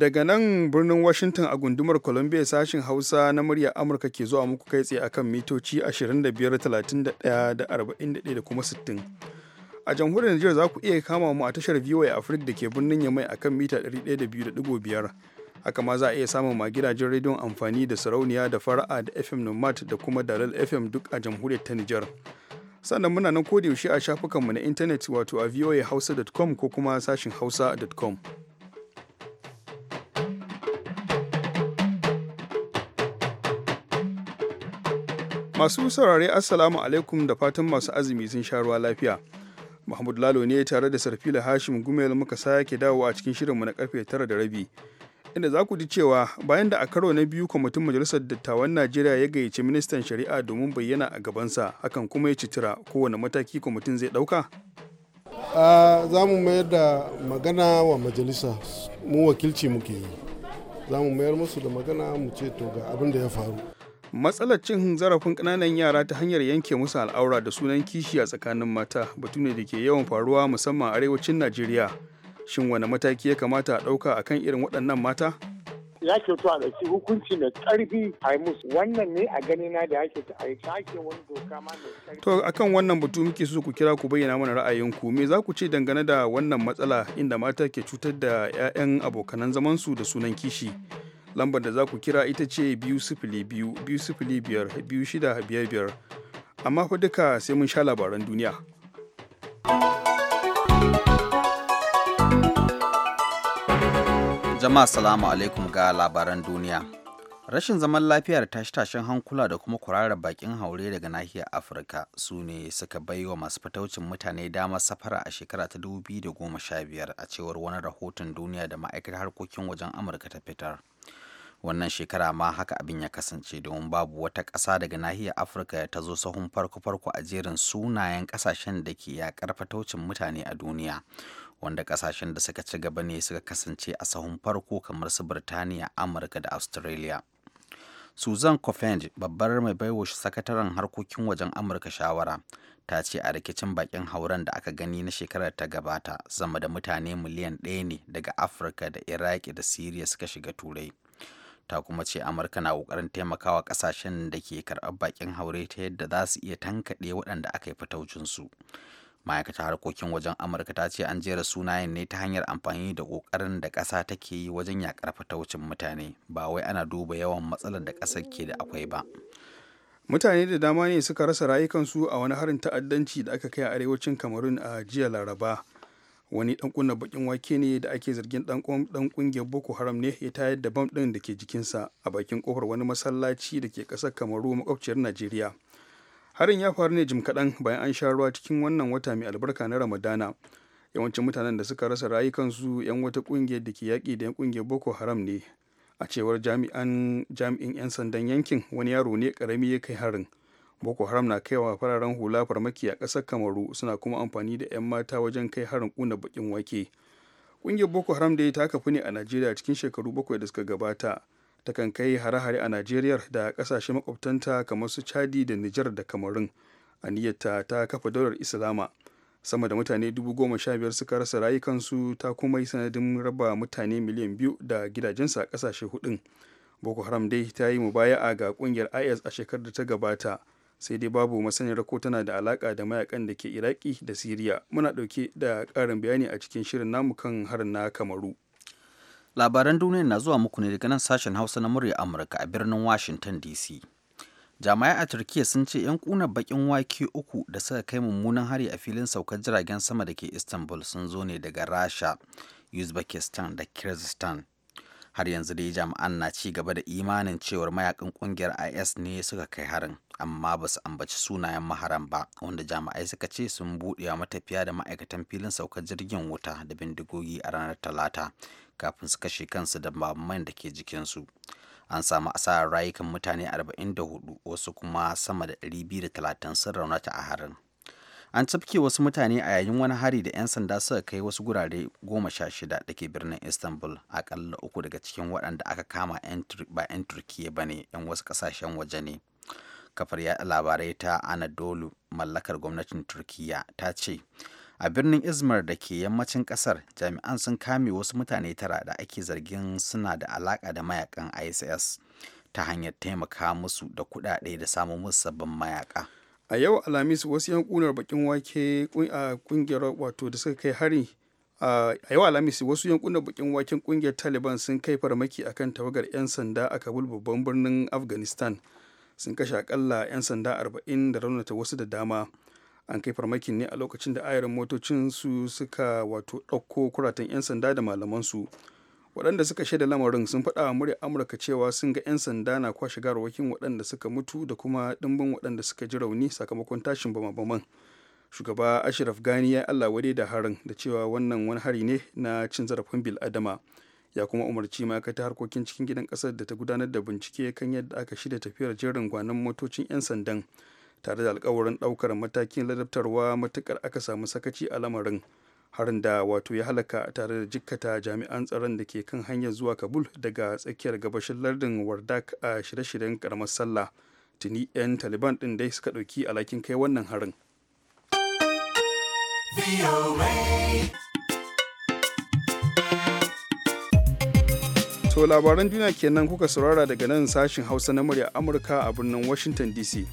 daga nan birnin Washington a gundumar Columbia sashin Hausa na murya Amurka ke zuwa muku kai tsaye akan mitoci 25, 31 da 41 da kuma 60. A jamhuriyar nijar za ku iya kama mu a tashar VOA Africa da ke birnin Yamai akan mita 102.5. Haka ma za a iya samun ma gidajen rediyon amfani da sarauniya da fara'a da FM Nomad da kuma Dalal FM duk a jamhuriyar ta Nijar. Sannan muna nan kodayaushe a shafukanmu na intanet wato a voahausa.com ko kuma sashin hausa.com. Masu saurare Assalamu alaikum da fatan masu azumi sun sha ruwa lafiya. Mahmud Lalo ne tare da Sarfila Hashim Gumel muka sake dawo a cikin shirinmu na karfe tara da rabi. Inda za ku ji cewa bayan da a karo na biyu kwamitin Majalisar Dattawan Najeriya ya gayyaci ministan shari'a domin bayyana a gabansa hakan kuma ya citira kowane mataki kwamitin zai ɗauka. za mu mayar da magana wa majalisa mu wakilci muke yi za mu mayar musu da magana mu ce to ga abin da ya faru matsalar cin zarafin ƙananan yara ta hanyar yanke musu al'aura da sunan kishi a tsakanin mata batu ne da ke yawan faruwa musamman a arewacin najeriya shin wani mataki ya kamata a ɗauka akan irin waɗannan mata ya kyautu a ɗauki hukunci mai ƙarfi a musu wannan ne a gani na da ake ta ake wani doka ma mai ƙarfi. To akan wannan batu muke so ku kira ku bayyana mana ra'ayinku me za ku ce dangane da wannan matsala inda mata ke cutar da 'ya'yan abokanan zamansu da sunan kishi. lambar da za ku kira ita ce biyu sifili biyu biyu sifili biyar biyu shida biyar biyar amma fa duka sai mun sha labaran duniya jama'a salamu alaikum ga labaran duniya rashin zaman lafiya da tashe-tashen hankula da kuma kurarar bakin haure daga nahiyar afirka su ne suka bai wa masu fataucin mutane dama safara a shekara ta biyar a cewar wani rahoton duniya da ma'aikatar harkokin wajen amurka ta fitar wannan shekara ma haka abin ya kasance domin babu wata ƙasa daga nahiyar afirka ta zo sahun farko-farko a jerin sunayen ƙasashen da ke yaƙar fataucin mutane a duniya wanda ƙasashen da suka ci gaba ne suka kasance a sahun farko kamar su birtaniya amurka da australia susan coffend babbar mai baiwa sakataren harkokin wajen amurka shawara ta ce a rikicin bakin hauren da aka gani na shekarar ta gabata sama da mutane miliyan ɗaya ne daga afirka da iraki da siriya suka shiga turai ta kuma ce amurka na kokarin taimakawa kasashen da ke karɓar bakin haure ta yadda za su iya tankaɗe waɗanda aka yi fitaucinsu ma'aikatar harkokin wajen amurka ta ce an jera sunayen ne ta hanyar amfani da kokarin da ƙasa take yi wajen yaƙar fataucin mutane ba wai ana duba yawan matsalar da ƙasar ke da akwai ba mutane da dama ne suka rasa rayukansu a wani harin ta'addanci da aka kai a arewacin kamarun a jiya laraba wani dan kunna bakin wake ne da ake zargin dan kungiyar boko haram ne ya tayar da bam din da ke jikinsa a bakin kofar wani masallaci da ke kasar kamaru makwabciyar najeriya harin ya faru ne jim kaɗan bayan an sha ruwa cikin wannan wata mai albarka na ramadana yawancin mutanen da suka rasa rayukansu yan wata kungiyar da ke yaƙi da yan kungiyar boko haram ne a cewar jami'an jami'in 'yan sandan yankin wani yaro ne karami ya kai harin boko haram na kaiwa fararen hula farmaki a ƙasar kamaru suna kuma amfani da 'yan mata wajen kai harin kuna baƙin wake ƙungiyar boko haram da ta kafu ne a najeriya cikin shekaru bakwai da suka gabata ta kan kai hare-hare a najeriya da ƙasashe makwabtanta kamar su chadi da nijar da kamarun a niyyata ta kafa daular islama sama da mutane dubu goma sha biyar suka rasa rayukansu ta kuma yi sanadin raba mutane miliyan biyu da gidajensu a ƙasashe hudun boko haram dai ta yi mubaya'a ga ƙungiyar is a shekarar da ta gabata sai dai babu masaniyar ko tana da alaka da mayakan da ke iraki da siriya muna ɗauke da karin bayani a cikin shirin namu kan harin na kamaru labaran duniya na zuwa muku ne daga nan sashen hausa na murya amurka a birnin washington dc jami'ai a turkiya sun ce 'yan kuna bakin wake uku da suka kai mummunan hari a filin saukar jiragen sama da ke istanbul sun zo ne daga rasha uzbekistan da kyrgyzstan har yanzu dai jami'an na ci gaba da imanin cewar mayakan kungiyar is ne suka kai harin amma ba su ambaci sunayen maharan ba wanda jami'ai suka ce sun buɗe wa matafiya da ma'aikatan filin saukar jirgin wuta da bindigogi a ranar talata kafin su kashe kansu da babban da ke jikinsu an samu asarar rayukan mutane 44 wasu kuma sama da 230 sun raunata a harin an cafke wasu mutane a yayin wani hari da 'yan sanda suka kai wasu gurare goma sha shida da ke birnin istanbul akalla uku daga cikin waɗanda aka kama ba 'yan turkiya ba ne 'yan wasu kasashen waje ne kafar yaɗa labarai ta anadolu mallakar gwamnatin turkiya ta ce a birnin izmir da ke yammacin ƙasar jami'an sun kame wasu mutane tara da ake zargin suna da alaƙa da mayakan iss ta hanyar taimaka musu da kuɗaɗe da samun musu sabbin mayaka a yau alhamis wasu yan kunar bakin wake a kungiyar wato da suka kai hari a yau alhamis wasu kunar bakin waken kungiyar taliban sun kai farmaki akan tawagar 'yan sanda a kabul babban birnin afghanistan sun kashe akalla 'yan sanda 40 da raunata wasu da dama an kai farmakin ne a lokacin da ayarin motocin su suka wato ɗauko kuratan 'yan sanda da malamansu su waɗanda suka shaida lamarin sun faɗa wa muryar amurka cewa sun ga 'yan sanda na kwashe garwakin waɗanda suka mutu da kuma ɗimbin waɗanda suka ji rauni sakamakon tashin bama-baman shugaba ashraf gani ya allah wade da harin da cewa wannan wani hari ne na cin zarafin bil adama ya kuma umarci ma'aikatar harkokin cikin gidan ƙasar da ta gudanar da bincike kan yadda aka shirya tafiyar jerin gwanon motocin 'yan sandan tare da alkawarin ɗaukar matakin ladabtarwa matuƙar aka samu sakaci a lamarin harin da wato ya halaka tare da jikkata jami'an tsaron da ke kan hanyar zuwa kabul daga tsakiyar gabashin lardin wardak a shirye-shiryen karamar sallah tuni 'yan taliban din dai suka ɗauki alakin kai wannan harin To labaran duniya kenan kuka saurara daga nan sashin Hausa na murya Amurka a birnin Washington DC.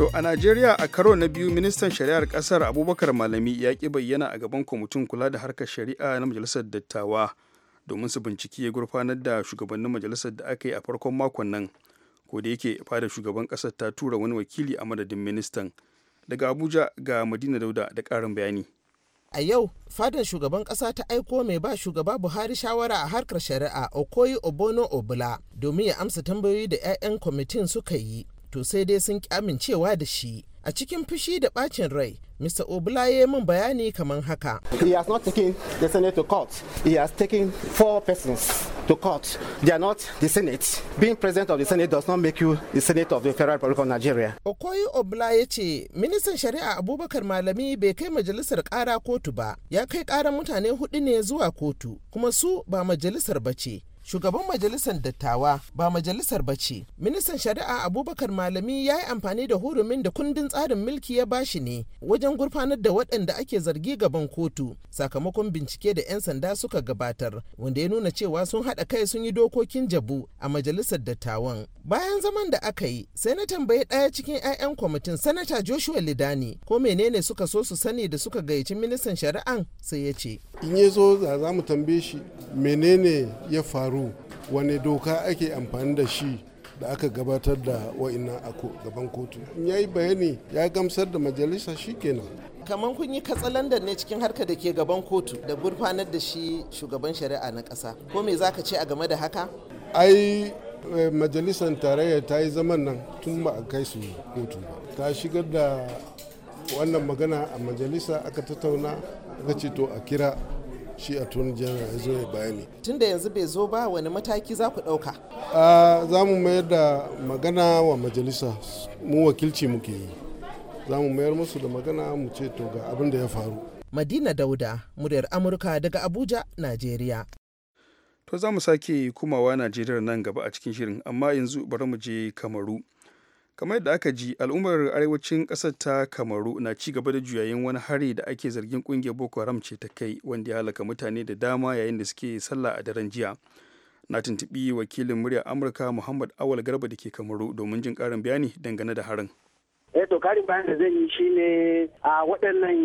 To a Najeriya a karo na biyu ministan shari'ar kasar Abubakar Malami ya ki bayyana a gaban kwamitin kula da harkar shari'a na majalisar dattawa domin su binciki ya gurfanar da shugabannin majalisar da aka yi a farkon makon nan. Ko da yake fada shugaban kasar ta tura wani wakili a madadin ministan. Daga Abuja ga Madina Dauda da karin bayani. A yau, fadar shugaban ƙasa ta aiko mai ba shugaba Buhari shawara a harkar shari'a Okoyi Obono Obula domin ya amsa tambayoyi da 'ya'yan kwamitin suka yi to sai dai sun ki amincewa da shi a cikin fushi da bacin rai mr obula ya min bayani kamar haka he has not taken the senate to court he has taken four persons to court they are not the senate being president of the senate does not make you the senate of the federal republic of nigeria okoye obula ya ce ministan shari'a abubakar malami bai kai majalisar kara kotu ba ya kai karar mutane hudu ne zuwa kotu kuma su ba majalisar ba ce shugaban majalisar dattawa ba majalisar ba ce ministan shari'a abubakar malami ya yi amfani da hurumin da kundin tsarin mulki ya bashi ne wajen gurfanar da waɗanda ake zargi gaban kotu sakamakon bincike da 'yan sanda suka gabatar wanda ya nuna cewa sun haɗa kai sun yi dokokin jabu a majalisar dattawan bayan zaman da aka yi sai na tambayi ɗaya cikin 'ya'yan kwamitin sanata joshua lidani ko menene suka so su sani da suka gayyaci ministan shari'an sai ya ce in ya zo za mu tambaye shi menene ya faru tsaro wane doka ake amfani da shi da aka gabatar da wa'ina a gaban kotu in ya yi bayani ya gamsar da majalisa shi kenan. kamar kun yi katsalandan ne cikin harka da ke gaban kotu da gurfanar da shi shugaban shari'a na ƙasa ko me za ka ce a game da haka ai eh, majalisar tarayya ta yi zaman nan tun ba a kai su kotu ba ta shigar da wannan magana a majalisa aka tattauna aka ce to a kira shi a tun jana ya zo ya bayani tun da yanzu bai zo ba wani mataki za ku ɗauka za mu mayar da magana wa majalisa mu wakilci muke yi za mu mayar musu da magana mu ce to ga abin da ya faru madina dauda muryar amurka daga abuja najeriya to za mu sake kumawa najeriya nan gaba a cikin shirin amma yanzu bari mu je kamaru kamar yadda aka ji al'ummar arewacin ƙasar ta kamaru na ci gaba da juyayin wani hari da ake zargin ƙungiyar boko haram ce ta kai wanda ya halaka mutane da dama yayin da suke sallah a daren jiya na tuntuɓi wakilin muryar amurka muhammad awal garba da ke kamaru domin jin ƙarin bayani dangane da harin eh to karin bayan da zan yi shine a waɗannan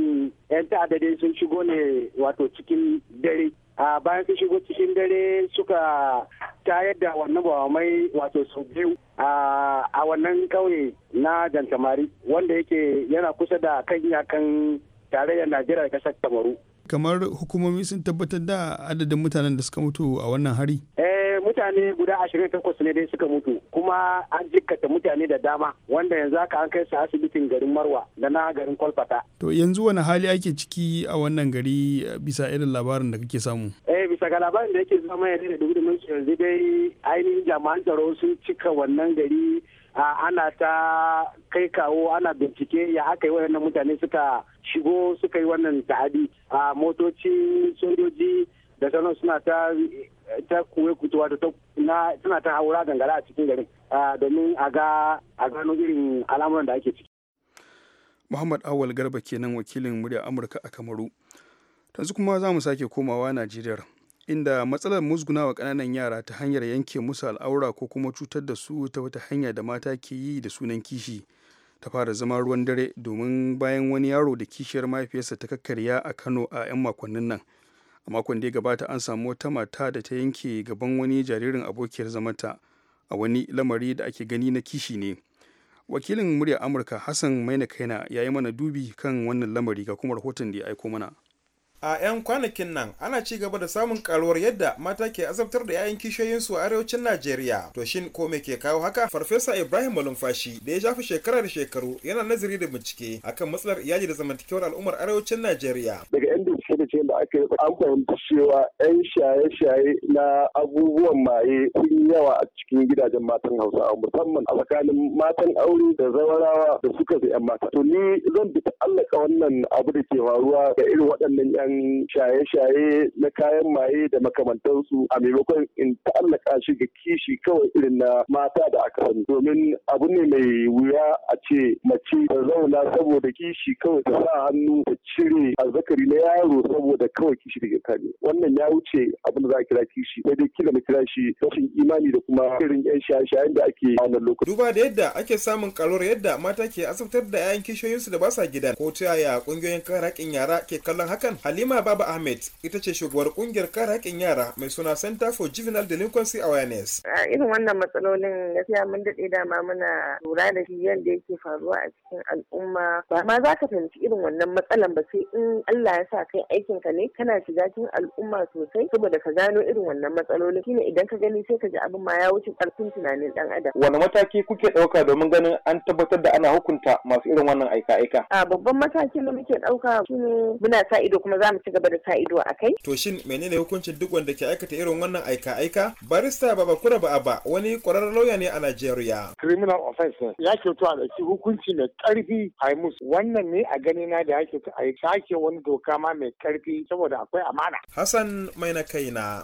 'yan ta'adda sun shigo ne wato cikin dare a bayan sun shigo cikin dare suka tayar da wannan bawamai wato sau biyu a wannan kauye na jantamari wanda yake yana kusa da kan iyakan tarayyar najeriya da ƙasar kamaru kamar hukumomi sun tabbatar da adadin mutanen da suka mutu a wannan hari eh mutane guda ashirin takwas ne dai suka mutu kuma an jikkata mutane da dama wanda yanzu haka an kai su asibitin garin marwa da na garin kwalfata. to yanzu wani hali ake ciki a wannan gari eh, bisa irin labarin da kake samu. eh bisa ga labarin da yake zama ya da dubu yanzu dai ainihin jami'an tsaro sun cika wannan gari ana ta kai kawo ana bincike ya aka yi wayannan mutane suka shigo suka yi wannan ta'adi a motoci sojoji da sanar suna ta ta wato na suna ta haura gangara a cikin garin domin a ga a gano irin al'amuran da ake ciki Muhammad Awal Garba kenan wakilin murya Amurka a Kamaru. Yanzu kuma za mu sake komawa Najeriya inda matsalar wa kananan yara ta hanyar yanke musu al'aura ko kuma cutar da su ta wata hanya da mata ke yi da sunan kishi ta fara zama ruwan dare domin bayan wani yaro da kishiyar mahaifiyarsa ta kakkarya a Kano a 'yan makonnin nan. a makon da ya gabata an samu wata mata da ta yanke gaban wani jaririn abokiyar zamanta a wani lamari da ake gani na kishi ne wakilin muryar amurka hassan maina kaina ya yi mana dubi kan wannan lamari ga kuma rahoton da ya aiko mana a 'yan kwanakin nan ana ci gaba da samun karuwar yadda mata ke azabtar da 'ya'yan kishiyoyinsu a arewacin najeriya to shin ko me ke kawo haka farfesa ibrahim malumfashi da ya shafi shekara da shekaru yana nazari da bincike akan matsalar iyali da zamantakewar al'ummar arewacin najeriya daga 'yan ce da aka yi an fahimci cewa 'yan shaye-shaye na abubuwan maye sun yawa a cikin gidajen matan hausawa musamman a tsakanin matan aure da zawarawa da suka zai 'yan mata to ni zan bi ta allaka wannan abu da ke faruwa da irin waɗannan 'yan shaye-shaye na kayan maye da makamantansu a maimakon in ta'allaka shi ga kishi kawai irin na mata da aka sani domin abu ne mai wuya a ce mace ta zauna saboda kishi kawai ta sa hannu ta cire azzakari na yaro saboda kawai kishi daga kane wannan ya wuce abin da za a kira kishi sai dai kila mu kira shi rashin imani da kuma irin yan shaye-shayen da ake a wannan lokaci duba da yadda ake samun karuwar yadda mata ke asabtar da 'ya'yan kishiyoyinsu da ba sa gidan. ko ta yaya ƙungiyoyin kare haƙƙin yara ke kallon hakan halima baba ahmed ita ce shugabar kungiyar kare haƙƙin yara mai suna center for juvenile delinquency awareness a irin wannan matsalolin gaskiya mun daɗe dama muna lura da shi yadda yake faruwa a cikin al'umma ba ma za ka fahimci irin wannan matsalan ba sai in allah ya sa kai aikin ka ne kana shiga cikin al'umma sosai saboda ka gano irin wannan matsalolin shine idan ka gani sai ka ji abin ma ya wuce ƙarfin tunanin ɗan adam wani mataki kuke ɗauka domin ganin an tabbatar da ana hukunta masu irin wannan aika-aika a babban matakin da muke ɗauka shine muna sa ido kuma za mu ci gaba da sa ido a kai. To shin menene hukuncin duk wanda ke aikata irin wannan aika-aika? Barista Babakura ba wani ƙwararren lauya ne a Najeriya. Criminal offense ya to a ɗauki hukunci mai ƙarfi a musu. Wannan ne a gani na da ya ke a yi sake wani doka ma mai ƙarfi saboda akwai amana. Hassan Mai na kaina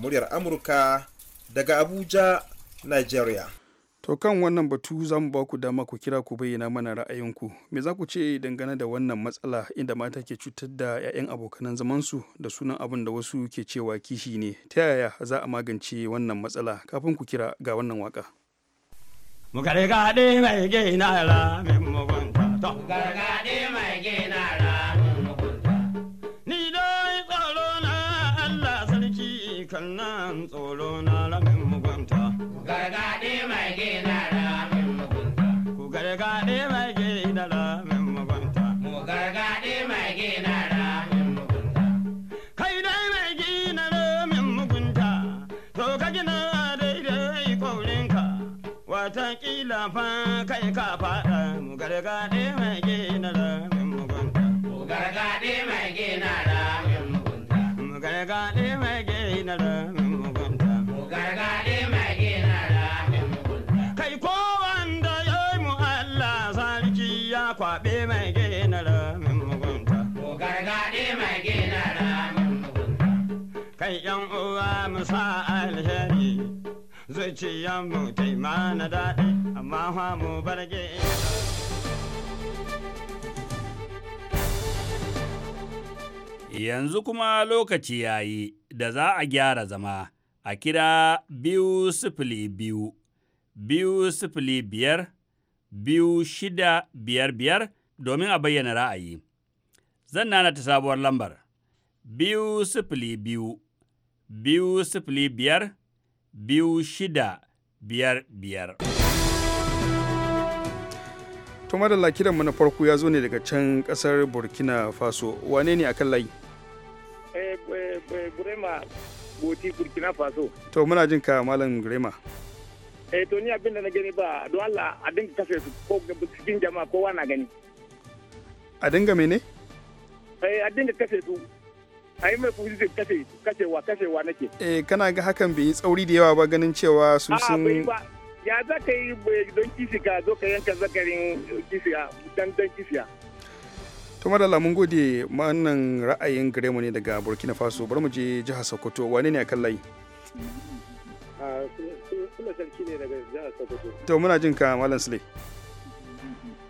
muryar Amurka daga Abuja, Najeriya. To kan wannan batu za mu ba ku dama ku kira ku bayyana mana ra'ayinku. Me za ku ce dangane da wannan matsala inda mata ke cutar da 'ya'yan abokanan zamansu da sunan abin da wasu ke cewa kishi ne. Ta yaya za a magance wannan matsala kafin ku kira ga wannan waka. Mugare mai gina la mugunta. mai ka faɗa mu gargaɗe mai gina da mugunta. Mu gargaɗe mai gina zuciyanmu ta yi mana daɗi amma fa mu barge Yanzu kuma lokaci ya yi da za a gyara zama a kira biyu sifili biyu, biyu sifili biyar, biyu shida biyar biyar domin a bayyana ra'ayi. Zan nana ta sabuwar lambar, biyu sifili biyu, biyu sifili biyar, biyu shida biyar biyar. Tuma da lakiranmu na farko ya zo ne daga can kasar Burkina Faso. Wane ne akan layi? Eh, eh, eh, Gurema Boti Burkina Faso. To muna jin ka Malam Gurema. Eh to ni abin da na gani ba don Allah a dinga kafe su ko cikin jama'a kowa na gani. A dinga mene? Eh a dinga kafe su ai mai kuma zai kashe kashewa kashewa nake eh kana ga hakan bai yi tsauri da yawa ba ganin cewa su sun ya za ka yi don kisi ka zo ka yanka zakarin ya dan dan ya. to madalla mun gode wannan ra'ayin gare mu ne daga burkina faso bari mu je jihar sokoto wane ne a kan layi sule sarki ne daga jihar sokoto to muna jin ka malam sule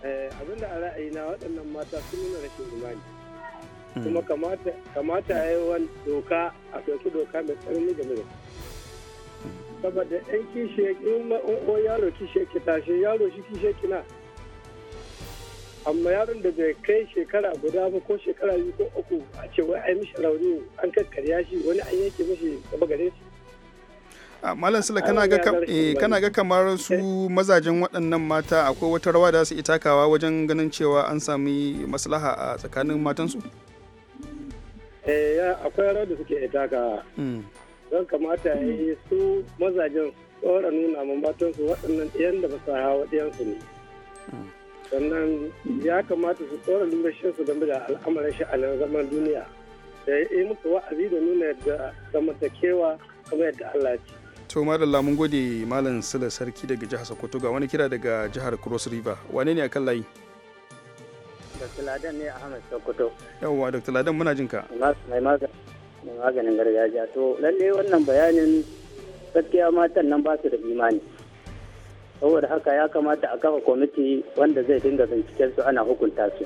eh, abinda a ra'ayina na waɗannan mata sun nuna rashin imani kuma kamata a yi wani doka a soki doka mai tsanani game da saboda yan kishi ya in o yaro kishi ya tashi yaro shi kishi ya na amma yaron da bai kai shekara guda ba ko shekara biyu ko uku a ce wai ai mishi rauni an kakkarya shi wani an yanke mishi gaba gare shi malam sula eh, kana ga kamar su mazajen waɗannan mata akwai wata rawa da su itakawa wajen ganin cewa an sami maslaha a tsakanin matansu? Eh, ya akwai rawar da suke taka mm. don kamata ya yi su mazajen tsora nuna ma su waɗannan ɗiyan da ba hawa ne mm. sannan ya kamata su tsora su game da al'amarin sha'anin zaman duniya da ya yi musu wa'azi da nuna yadda zamantakewa kamar yadda Allah ce. to da mun gode malam sila sarki daga jihar sokoto ga wani kira daga jihar cross river wane ne kan layi Dr. Ladan ne Ahmed Sokoto. Yawwa Dr. Ladan muna jin ka. Mai maganin gargajiya to lalle wannan bayanin gaskiya matan nan ba su da imani. Saboda haka ya kamata a kafa kwamiti wanda zai dinga binciken su ana hukunta su.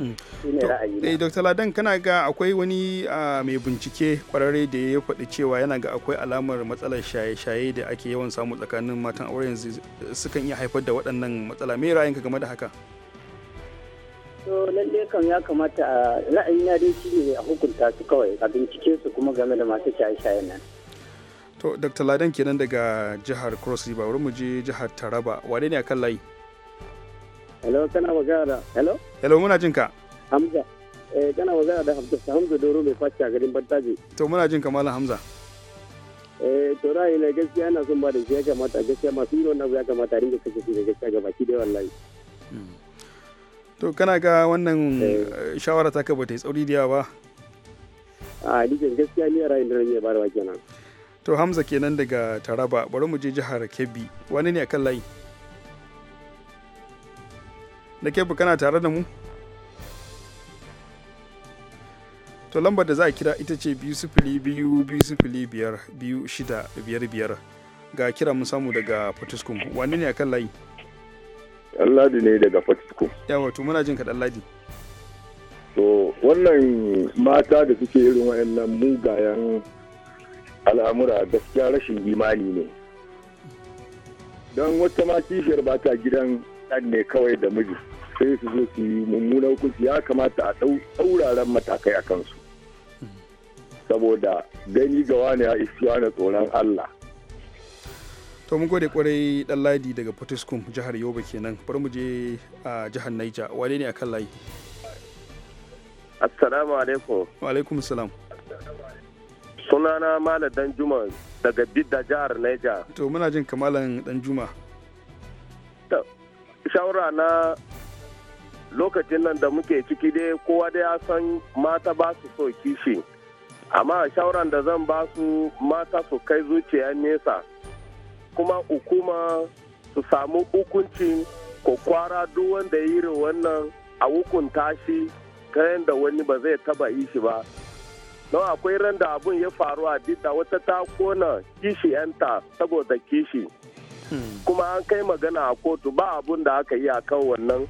Mm. Eh, Dr. Ladan kana ga akwai wani mai bincike kwararre da ya faɗi cewa yana ga akwai alamar matsalar shaye-shaye da ake yawan samu tsakanin matan aure yanzu sukan iya haifar da waɗannan matsala. Me ra'ayinka game da haka? to lalle kan ya kamata a ra'ayina dai shi ne a hukunta su kawai a bincike su kuma game da masu shaye shaye nan to dr ladan kenan daga jihar cross river wurin mu je jihar taraba wane ne akan layi hello kana magana da hello hello muna jin ka hamza eh kana magana da hamza hamza doro mai faci a garin bantaje to muna jin ka malam hamza eh to ra'ayi na gaskiya ina son ba da shi ya kamata gaskiya masu yi wannan ya kamata a ringa kashe shi da gaskiya ga baki da wallahi hmm. to kana ga wannan eh. shawara ta kaba ta yi tsauri da yawa ba a dijin gaskiya ne ra'ayin da nake bayarwa kenan to hamza kenan daga taraba bari mu je jihar kebbi wani ne akan layi da kebbi kana tare da mu to lambar da za a kira ita ce biyu sifili biyu biyu sifili biyar biyu shida biyar biyar ga kira mun samu daga Potiskum, wani ne akan layi Ɗanladi ne daga Fatsko. Yawa to muna jin ka Ɗanladi. To wannan mata da suke irin wayannan mugayen al'amura gaskiya rashin imani ne. Don wata ma kishiyar ba ta gidan ɗan ne kawai da miji sai su zo su yi mummunar hukunci ya kamata a ɗauraren matakai a kansu. Hmm. Saboda gani gawa ne a isuwa na tsoron Allah. to mun gode kwarai dan ladi daga potiskum jihar yoba kenan bari mu je a jihar naija wane ne akan layi assalamu alaikum wa alaikum salam sunana malam dan juma daga bidda jihar naija to muna jin kamalan dan juma shawara na lokacin nan da muke ciki dai kowa dai ya san mata ba su so kishi amma shawaran da zan ba su mata su kai zuciya nesa kuma hukuma su samu hukuncin kwara duk wanda ya irin wannan a hukunta shi ta yadda wani ba zai taba yi shi ba don akwai ran da abun ya faru a dita wata ta kona kishi yanta saboda kishi hmm. kuma an kai magana a kotu ba abun da aka yi akan wannan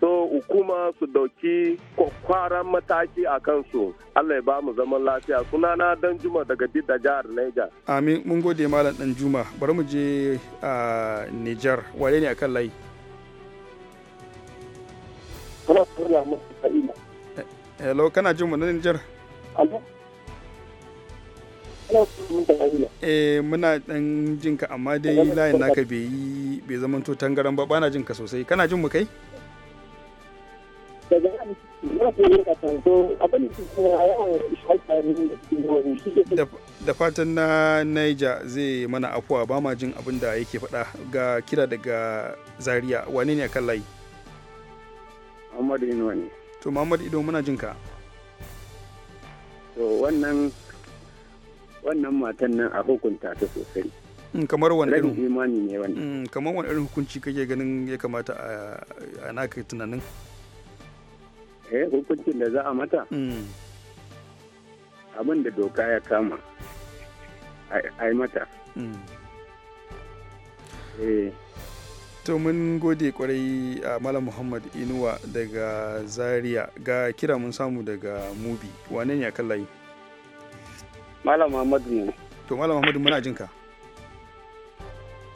so hukuma su dauki kwakwaran mataki a kansu allah ya ba mu zaman lafiya sunana dan juma daga dida jihar niger amin mun gode malam dan juma bari mu je a niger wale ne akan layi eh, hello kana jin mu na niger eh muna dan jinka amma dai layin naka bai yi bai to tangaran ba bana jinka sosai kana jin mu kai daga nan ya fi yin kasanto abin da suke yawan shaƙari da fatan na Niger zai mana afuwa ba ma jin abin da yake faɗa ga kira daga Zaria wane ne kan layi? Muhammadu Inuwa ne. To Muhammadu Ido muna jinka To wannan wannan matan nan a hukunta ta sosai. Mm, kamar wani irin imani ne wannan mm, kamar wani irin hukunci kake ganin ya kamata a naka tunanin eh hukuncin da za a mata mm. abin da doka ya kama ai mata mm. eh. to mun gode kwarai a malam muhammad inuwa daga zaria ga kira mun samu daga mubi wane ne a kan layi malam muhammad ne to malam muhammad muna jinka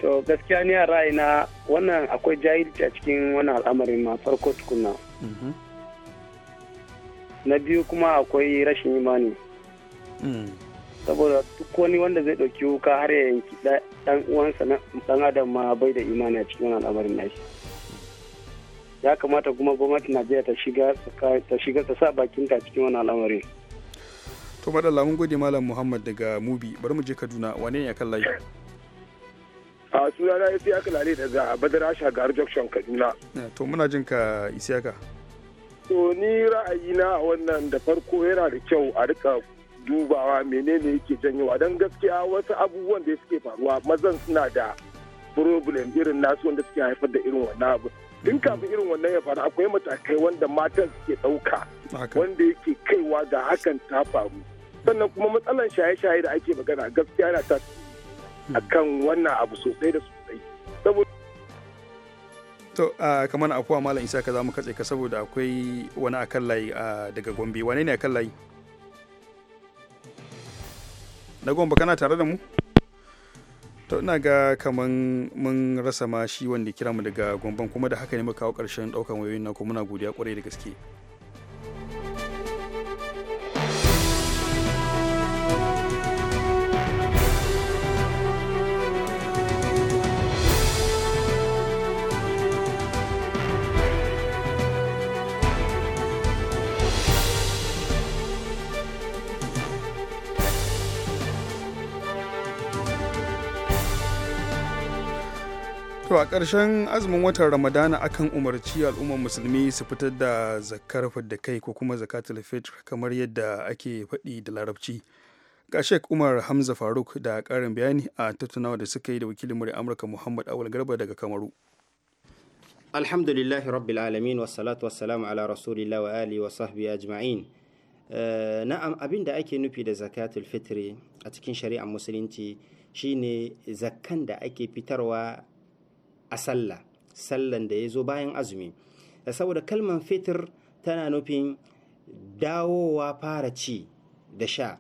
to gaskiya ni a ra'ayina wannan akwai jahilci a cikin wannan al'amarin ma farko tukuna mm-hmm. na biyu kuma akwai rashin imani hmm. saboda duk wani wanda zai ɗauki wuka har ya yanki ɗan uwansa na ɗan adam ma bai da imani a cikin al'amarin nashi ya kamata kuma gwamnati najeriya ta shiga ta shiga ta sa bakinta cikin wani al'amari to madalla mun gode malam muhammad daga mubi bari mu je kaduna wane ya kan layi a sunana aka lale daga badara shagar junction kaduna eh, to muna jin ka isiyaka to ni ra'ayina a wannan da farko yana da kyau a rika dubawa menene yake janyowa don gaskiya wasu abubuwan da suke faruwa mazan suna da problem irin nasu wanda suke haifar da irin wannan abu tun kafin irin wannan ya faru akwai matakai wanda matan suke ɗauka wanda yake kaiwa ga hakan ta faru sannan kuma matsalan shaye-shaye da ake magana gaskiya yana ta akan wannan abu sosai da sosai saboda to kamar afuwa malam isa ka za mu katse ka saboda akwai wani akan layi daga gombe wane ne akan layi na gombe kana tare da mu to ina ga kaman mun rasa ma shi wanda kira mu daga gomban kuma da haka ne muka kawo karshen daukan wayoyin na kuma muna godiya kwarai da gaske a ƙarshen azumin watan Ramadana akan umarci al'ummar musulmi su fitar da zakar da kai ko kuma zakatul fitr kamar yadda ake faɗi da larabci. Ga Sheikh Umar Hamza Faruk da ƙarin bayani a tattaunawa da suka yi da wakilin murya Amurka Muhammad Awal Garba daga Kamaru. Alhamdulillahi Rabbil Alamin wa wassalamu ala Rasulillah wa ali wa sahbihi ajma'in. Eh, na'am abin da ake nufi da zakatul fitri a cikin shari'ar musulunci shine zakkan da ake fitarwa a sallah sallan da ya zo bayan azumi saboda kalman fitir tana nufin dawowa fara ci da sha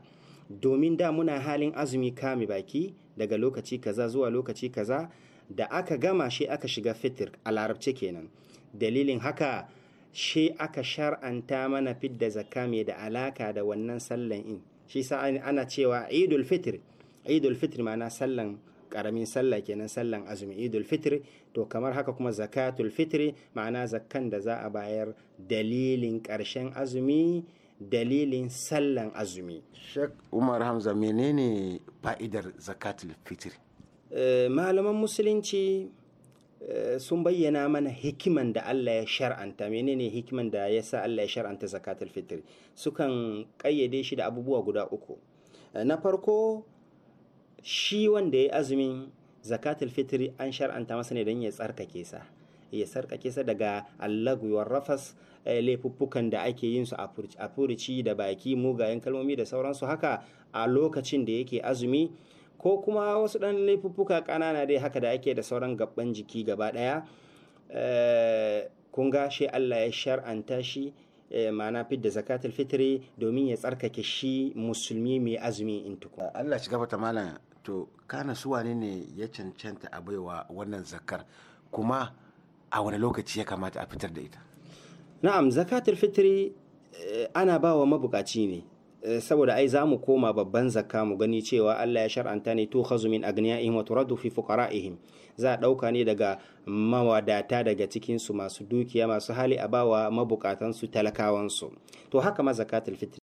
domin da muna halin azumi kame baki daga lokaci kaza zuwa lokaci kaza da aka gama shi aka shiga fitir a larabci kenan dalilin haka shi aka shar'anta mana fidda zakka mai da alaka da wannan sallan in shi sa ana cewa idul fitr idul fitr ma'ana sallan karamin sallah kenan sallan azumi idul fitri to kamar haka kuma zakatul fitri ma'ana zakkan da za a bayar dalilin ƙarshen azumi dalilin sallan azumi shek umar hamza menene fa'idar zakatul fitri eh, malaman musulunci eh, sun bayyana mana hikiman da Allah ya shar'anta menene hikiman da ya sa Allah ya shar'anta zakatul fitri sukan kayyade shi da abubuwa guda uku eh, na farko shi wanda ya azumin zakatul fitri an shar'anta masa ne don ya tsarkake sa ya sarkake sa daga allaguwar rafas eh, laifuffukan da ake yin su a furici da baki mugayen kalmomi da sauransu haka a lokacin da yake azumi ko kuma wasu ɗan laifuffuka kanana dai haka da ake da sauran gaban jiki gaba ɗaya eh, kun ga shi Allah ya shar'anta shi eh, ma'ana fidda zakatul fitri domin ya tsarkake shi musulmi mai azumi in tuku Allah shiga malam to kana su wane ne ya cancanta a baiwa wannan zakar kuma a wani lokaci ya kamata a fitar da ita na'am zakatar fitiri eh, ana ba wa mabukaci ne eh, saboda ai za mu koma babban zakka mu gani cewa Allah ya shar'anta ne to khazu min agniyaihim wa turaddu fi fuqara'ihim za a dauka ne daga mawadata daga cikin su masu dukiya masu hali a bawa mabukatan su to haka ma zakatul fitr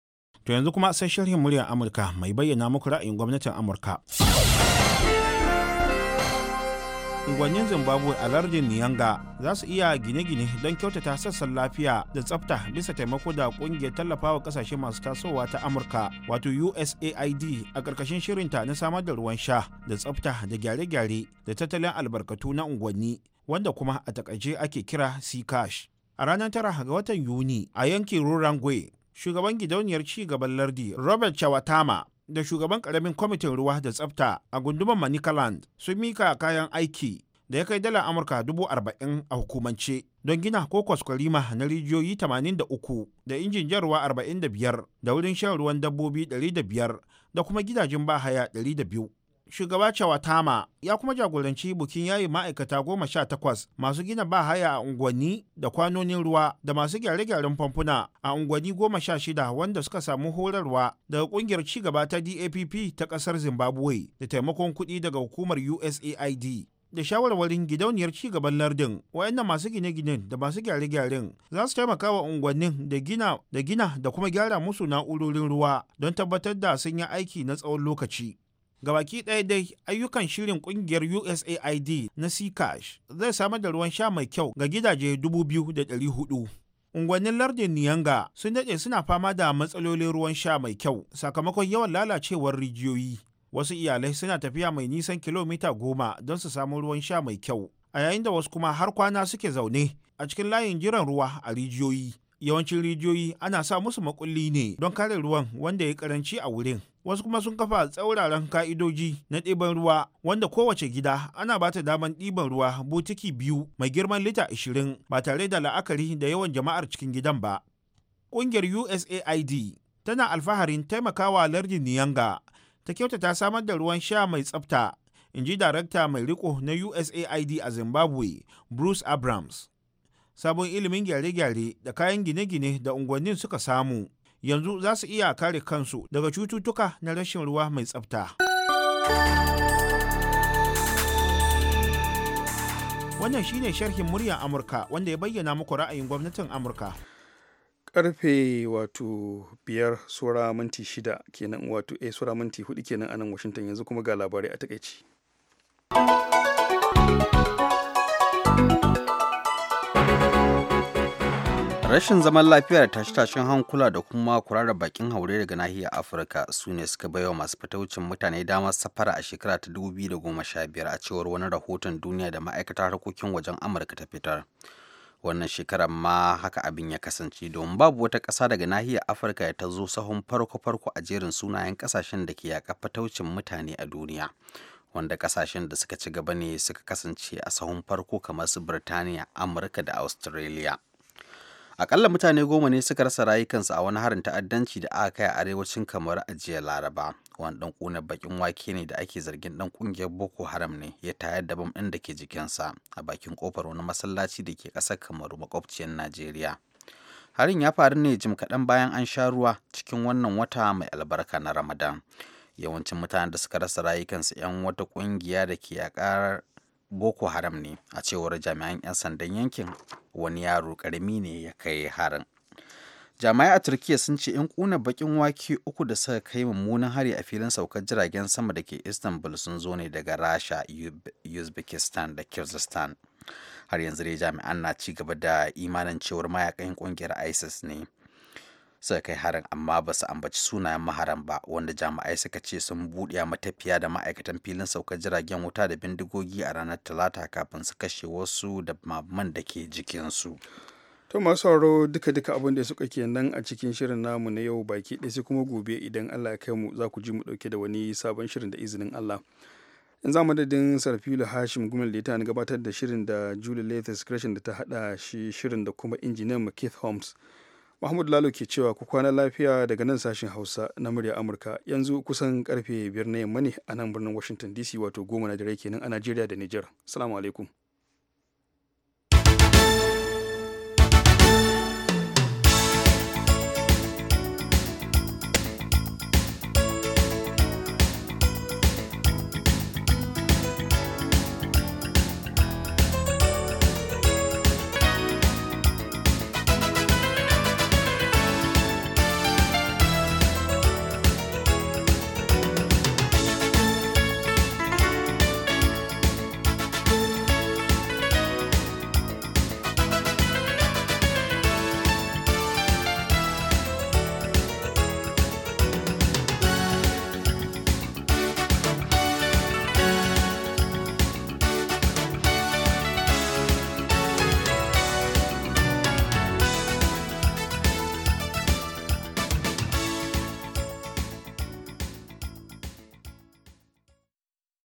To yanzu kuma sai shirin muryar Amurka mai bayyana muku ra'ayin gwamnatin Amurka. Unguwannin Zimbabwe a lardin Niyanga za su iya gine-gine don kyautata sassan lafiya da tsafta bisa taimako da kungiyar tallafawa kasashe masu tasowa ta Amurka wato USAID a ƙarƙashin shirinta na samar da ruwan sha da tsafta da gyare-gyare da tattalin albarkatu na unguwanni wanda kuma a takaice ake kira C-Cash. A ranar tara ga watan Yuni a yankin Rurangwe shugaban gidauniyar ci gaban lardi robert chawatama da shugaban karamin kwamitin ruwa da tsafta a gunduman manicaland sun mika kayan aiki da ya kai dala amurka dubu arba'in a hukumance don gina ko kwaskwarima na rijiyoyi tamanin da uku da injin jan ruwa arba'in da biyar da wurin shan ruwan dabbobi dari da biyar da kuma gidajen bahaya dari da biyu. shugaba Chawatama ya kuma jagoranci bukin yayi ma'aikata goma sha takwas masu gina ba haya a unguwanni da kwanonin ruwa da masu gyare-gyaren famfuna a unguwanni goma sha shida wanda suka samu horarwa daga kungiyar cigaba ta DAPP ta kasar Zimbabwe da taimakon kuɗi daga hukumar USAID. da shawarwarin gidauniyar cigaban lardin wayannan masu gine-ginen da masu gyare-gyaren za su taimaka wa unguwannin da gina da gina da kuma gyara musu na'urorin ruwa don tabbatar da sun yi aiki na tsawon lokaci ga baki ɗaya dai ayyukan shirin ƙungiyar USAID na Cash zai samar da ruwan sha mai kyau ga gidaje 2,400. Unguwannin lardin Niyanga sun daɗe suna fama da matsalolin ruwan sha mai kyau sakamakon yawan lalacewar rijiyoyi. Wasu iyalai suna tafiya mai nisan kilomita goma don su samu ruwan sha mai kyau, a yayin da wasu kuma har kwana suke zaune a cikin layin jiran ruwa a rijiyoyi. Yawancin rijiyoyi ana sa musu makulli ne don kare ruwan wanda ya karanci a wurin. wasu kuma sun kafa tsauraran ka'idoji na ɗiban ruwa wanda kowace gida ana ba ta daman ɗiban ruwa butiki biyu mai girman lita 20 ba tare da la'akari da yawan jama'ar cikin gidan ba. Ƙungiyar USAID tana alfaharin taimakawa lardin Niyanga ta kyautata samar da ruwan sha mai tsafta, in ji darakta mai riko na USAID a Zimbabwe, Bruce Abrams. Sabon ilimin gyare-gyare da kayan gine-gine da unguwannin suka samu. yanzu za su iya kare kansu daga cututtuka na rashin ruwa mai tsafta. Wannan shine sharhin muryar Amurka wanda ya bayyana muku ra'ayin gwamnatin Amurka. Karfe wato biyar sura minti shida kenan wato eh sura minti hudu kenan a nan Washington yanzu kuma ga labarai a takaici. rashin zaman lafiya da tashe-tashen hankula da kuma kurarar bakin haure daga nahiyar afirka su ne suka baiwa masu fitaucin mutane damar safara a shekara ta 2015 a cewar wani rahoton duniya da ma'aikatar harkokin wajen amurka ta fitar wannan shekarar ma haka abin ya kasance domin babu wata ƙasa daga nahiyar afirka ya ta zo sahun farko-farko a jerin sunayen kasashen da ke yaƙa fitaucin mutane a duniya wanda ƙasashen da suka ci gaba ne suka kasance a sahun farko kamar su birtaniya amurka da australia akalla mutane goma ne suka rasa rayukansu a wani harin ta'addanci da aka kai a arewacin kamar a jiya laraba wani dan kunar bakin wake ne da ake zargin dan kungiyar boko haram ne ya tayar da bam ɗin da ke jikinsa a bakin kofar wani masallaci da ke ƙasar kamaru makwabciyar najeriya harin ya faru ne jim kaɗan bayan an sha ruwa cikin wannan wata mai albarka na ramadan yawancin mutanen da suka rasa rayukansu 'yan wata ƙungiya da ke yakar boko haram ne a cewar jami'an 'yan sandan yankin wani yaro karami ne ya kai harin jami'ai a turkiya sun ce 'yan kuna bakin wake uku da suka kai mummunan hari a filin saukar jiragen sama da ke istanbul sun zo ne daga rasha uzbekistan da kyrgyzstan har yanzu dai jami'an na ci gaba da imanin cewar mayakan kungiyar isis ne suka kai harin amma ba su ambaci sunayen maharan ba wanda jami'ai suka ce sun buɗe matafiya da ma'aikatan filin saukar jiragen wuta da bindigogi a ranar talata kafin su kashe wasu da maman da ke jikinsu. to masu sauraro duka-duka abin da suka ke nan a cikin shirin namu na yau baki ɗaya sai kuma gobe idan allah ya kai mu za ku ji mu ɗauke da wani sabon shirin da izinin allah in za madadin sarfilu hashim gumel da ta gabatar da shirin da julie lathis rashin da ta haɗa shi shirin da kuma injiniyan keith holmes Mahmud Lalo ke cewa ku kwana lafiya daga nan sashen Hausa na murya Amurka yanzu kusan karfe biyar na yamma ne a nan birnin Washington DC wato goma na dare kenan a Najeriya da Niger. Salamu alaikum.